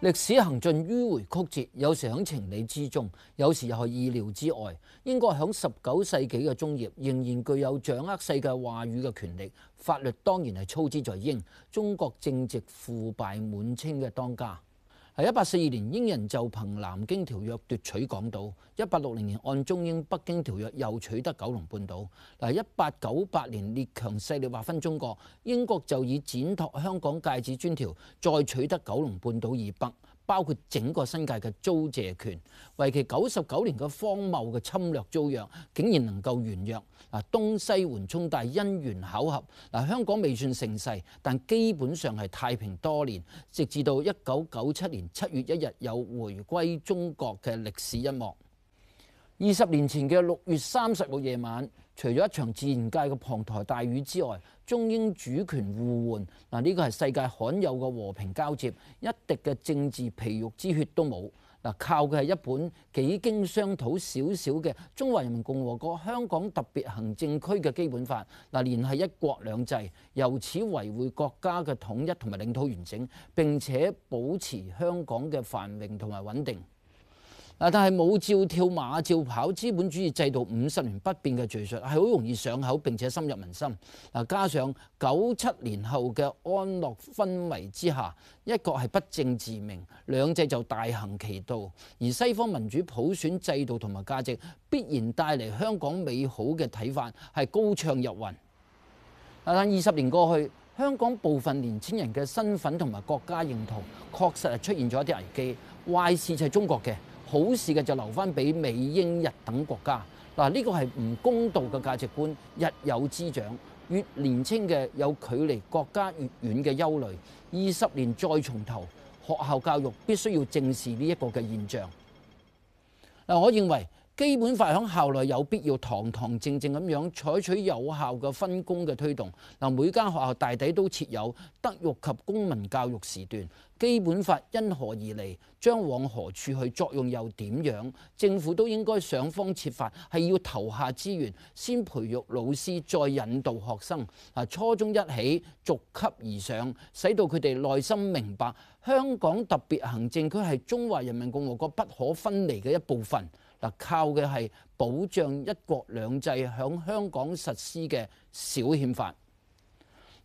歷史行進迂回曲折，有時喺情理之中，有時又係意料之外。應該喺十九世紀嘅中葉，仍然具有掌握世界話語嘅權力。法律當然係操之在英，中國正值腐敗滿清嘅當家。喺一八四二年，英人就憑《南京條約》奪取港島；一八六零年，按中英《北京條約》又取得九龍半島。嗱，一八九八年，列強勢力劃分中國，英國就以展拓香港界址專條，再取得九龍半島以北。包括整個新界嘅租借權，為期九十九年嘅荒謬嘅侵略租約，竟然能夠圓約。嗱，東西緩衝帶因緣巧合。嗱，香港未算盛世，但基本上係太平多年，直至到一九九七年七月一日又回歸中國嘅歷史一幕。二十年前嘅六月三十號夜晚，除咗一場自然界嘅滂沱大雨之外，中英主權互換嗱，呢個係世界罕有嘅和平交接，一滴嘅政治皮肉之血都冇嗱，靠嘅係一本幾經商討少少嘅《中華人民共和國香港特別行政區嘅基本法》嗱，連繫一國兩制，由此維護國家嘅統一同埋領土完整，並且保持香港嘅繁榮同埋穩定。但係冇照跳馬，照跑資本主義制度五十年不變嘅敘述係好容易上口並且深入民心。嗱，加上九七年後嘅安樂氛圍之下，一國係不正自明，兩者就大行其道。而西方民主普選制度同埋價值必然帶嚟香港美好嘅睇法係高唱入雲。但二十年過去，香港部分年青人嘅身份同埋國家認同確實係出現咗一啲危機。壞事就係中國嘅。好事嘅就留翻俾美英日等國家，嗱，呢個係唔公道嘅價值觀。日有滋長，越年輕嘅有距離國家越遠嘅憂慮。二十年再從頭，學校教育必須要正視呢一個嘅現象。嗱，我認為，基本法喺校內有必要堂堂正正咁樣採取有效嘅分工嘅推動，嗱，每間學校大抵都設有德育及公民教育時段。基本法因何而嚟？將往何處去？作用又點樣？政府都應該想方設法，係要投下資源，先培育老師，再引導學生嗱。初中一起逐級而上，使到佢哋內心明白香港特別行政區係中華人民共和國不可分離嘅一部分。靠嘅係保障一國兩制喺香港實施嘅小憲法。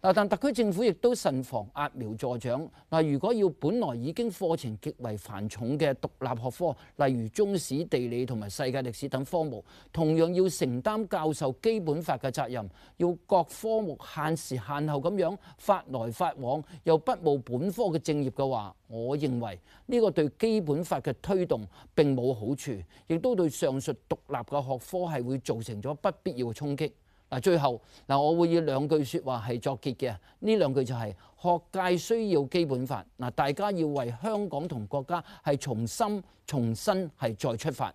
但特區政府亦都慎防揠苗助長。嗱，如果要本來已經課程極為繁重嘅獨立學科，例如中史、地理同埋世界歷史等科目，同樣要承擔教授基本法嘅責任，要各科目限時限後咁樣發來發往，又不務本科嘅正業嘅話，我認為呢個對基本法嘅推動並冇好處，亦都對上述獨立嘅學科係會造成咗不必要嘅衝擊。嗱，最後嗱，我會以兩句説話係作結嘅，呢兩句就係學界需要基本法，嗱，大家要為香港同國家係重新、重新係再出發。